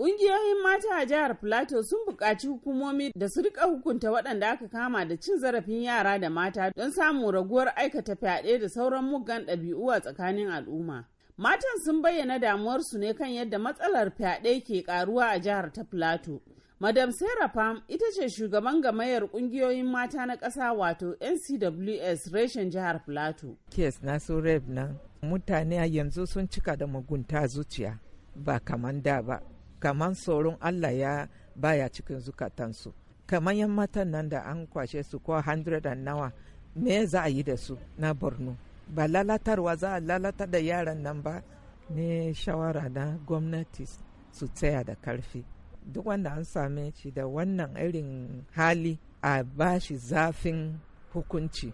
Ƙungiyoyin mata a jihar Plateau sun buƙaci hukumomi da su rika hukunta waɗanda aka kama da cin zarafin yara da mata don samun raguwar aikata fyaɗe da sauran muggan ɗabi'u a tsakanin al'umma. Matan sun bayyana damuwarsu ne kan yadda matsalar fyaɗe ke ƙaruwa a jihar ta Plateau. Madam Sarah Pam ita ce shugaban gamayar ƙungiyoyin mata na ƙasa wato NCWS reshen jihar Plateau. Kes na su rep nan mutane yanzu sun cika da mugunta zuciya ba kaman da ba. kamar tsoron allah ya baya cikin zukatansu kamar yan matan nan da an kwashe su ko 100 nawa me za a yi da su na borno ba lalatarwa za a lalata da yaran nan ba ne shawara na gwamnati su tsaya da karfi duk wanda an same shi da wannan irin hali a bashi zafin hukunci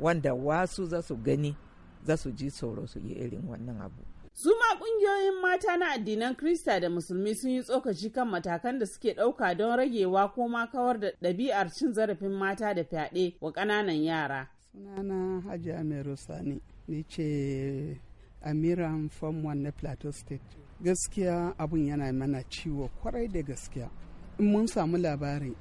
wanda wasu za su gani za su ji tsoro su yi irin wannan abu Su ma ƙungiyoyin mata na addinan Krista da Musulmi sun yi tsokaci kan matakan da suke ɗauka don ragewa ko ma kawar da ɗabi'ar cin zarafin mata da fyaɗe wa ƙananan yara. Sunana Hajji Amiru Sani, ni ce Amiran Form 1 na Plateau State. Gaskiya abun yana mana ciwo kwarai da gaskiya. In mun samu labari,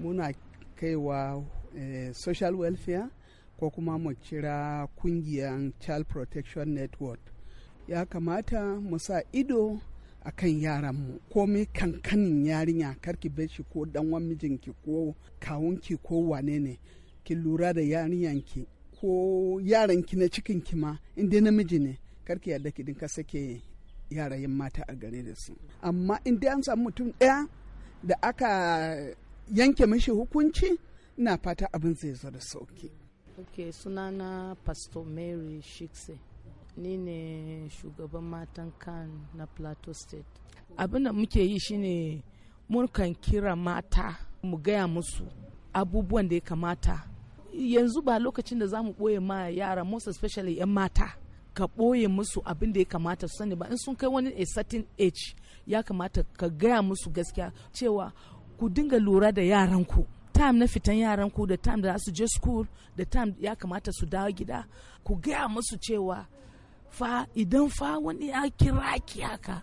muna kaiwa wa eh, social welfare ko kuma mu kira kungiyar Child Protection Network. ya kamata mu sa ido a kan yaranmu komai kankanin yarinya karki bar shi ko danwan mijinki ko kawunki ko wane ne ki lura da yarinyanki ko yaranki na cikinki ma in namiji ne karki yadda ki dinka sake yarayin mata a gare da su amma in dai an samu mutum ɗaya da aka yanke mashi hukunci na fata abin zai zo da sauki. ok sunana pastor mary shikse ni ne shugaban matan kan na plateau state abin da muke yi shine murkan kira mata mu gaya musu abubuwan da ya kamata yanzu ba lokacin da za mu ɓoye ma yara most especially 'yan mata ka ɓoye musu abin da ya kamata su sani ba in sun kai wani a certain age ya kamata ka gaya musu gaskiya cewa ku dinga lura da yaranku time na fitan yaranku da time da za su je school da time ya kamata su dawo gida ku gaya musu cewa fa idan fa wani ya kira ki haka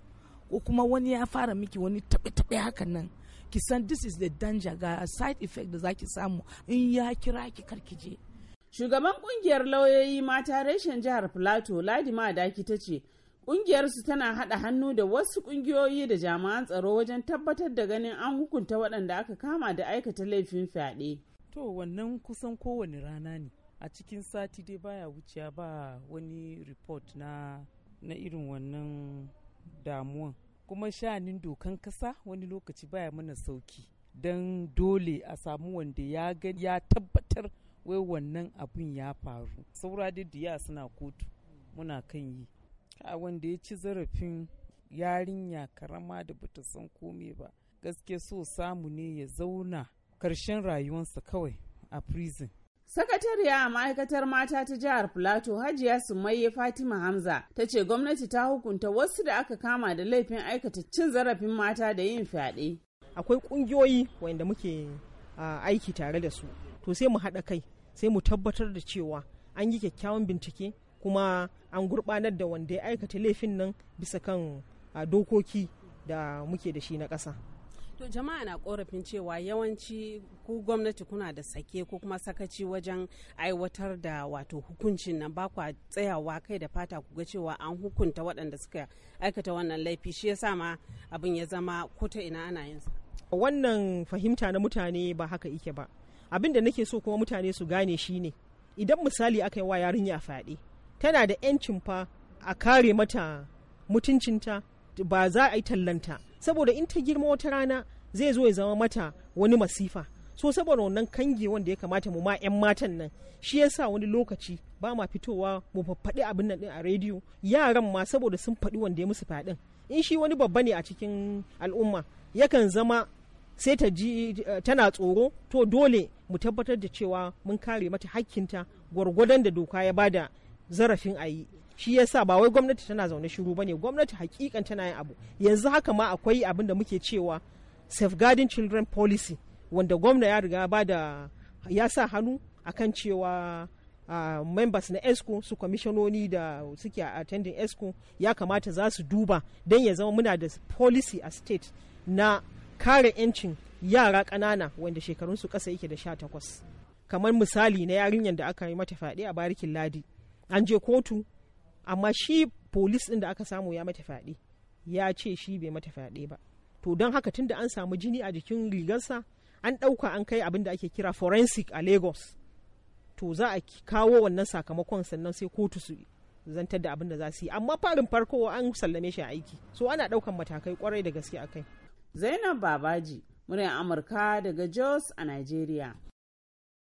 ko kuma wani ya fara miki wani taɓe-taɓe hakan nan ki san this is the danger ga side effect da zaki samu in ya kira ki ki je shugaban kungiyar lauyoyi mata reshen jihar plateau ladi madaki ta ce kungiyarsu tana hada hannu da wasu kungiyoyi da jami'an tsaro wajen tabbatar da ganin an hukunta waɗanda aka kama da aikata laifin fyaɗe to wannan kusan kowane rana ne a cikin sati dai baya wuciya ba wani report na na irin wannan damuwan kuma shanin dokan kasa wani lokaci baya mana sauki don dole a samu wanda ya gani ya tabbatar wai wannan abin ya faru saura diya suna kotu muna kan yi a wanda ya ci zarafin yarinya karama da bata san komai ba gaske so samu ne ya zauna karshen rayuwarsa kawai a prison Sakatariya a ma'aikatar mata ta jihar Filato Hajiya Sumayye Fatima Hamza ta ce gwamnati ta hukunta wasu da aka kama da laifin aikata cin zarafin mata da yin fyaɗe. Akwai ƙungiyoyi wanda muke aiki tare da su, to sai mu haɗa kai, sai mu tabbatar da cewa an yi kyakkyawan bincike kuma an gurɓanar da wanda ya aikata laifin nan bisa kan dokoki da muke da shi na ƙasa. To jama'a na korafin cewa yawanci ku gwamnati kuna da sake ko kuma sakaci wajen aiwatar da wato hukuncin nan ba kwa tsayawa kai da fata ku ga cewa an hukunta waɗanda suka aikata wannan laifi shi yasa ma abin ya zama kuta ina ana yin Wannan fahimta na mutane ba haka ike ba. Abin da nake so kuma mutane su gane shi ne idan misali aka yi wa yarinya fyaɗe tana da 'yancin fa a kare mata mutuncinta ba za a yi tallanta saboda in ta girma wata rana zai zo ya zama mata wani masifa so saboda wannan kange wanda ya kamata mu ma 'yan matan nan shi yasa wani lokaci ba ma fitowa mu faɗi abin nan a rediyo yaran ma saboda sun faɗi wanda ya musu faɗin in shi wani babba ne a cikin al'umma yakan zama sai ta ji eh, tana tsoro to dole mu tabbatar da cewa mun kare mata hakkinta gwargwadon da doka ya bada zarafin a yi shi yasa ba wai gwamnati tana zaune shiru ba ne gwamnati hakikan tana yin abu yanzu haka ma akwai abin da muke cewa safeguarding children policy wanda gwamna ya riga ba da ya sa hannu a kan cewa uh, members na esco su kwamishinoni da suke attending esco ya kamata za su duba don ya zama muna da policy a state na kare 'yancin yara ƙanana wanda shekarunsu ƙasa yake da sha takwas kamar misali na yarinyar da aka yi mata fyaɗe a barikin ladi an je kotu amma shi polis ɗin da aka samu ya mata fyaɗe ya ce shi bai mata fyaɗe ba to don haka tunda an samu jini a jikin rigarsa an ɗauka an kai abin da ake kira forensic a lagos to za a kawo wannan sakamakon sannan sai kotu su zantar da abin da za su yi amma farin farko an sallame shi a aiki so ana ɗaukan matakai kwarai da gaske akai zainab babaji muryar amurka daga jos a nigeria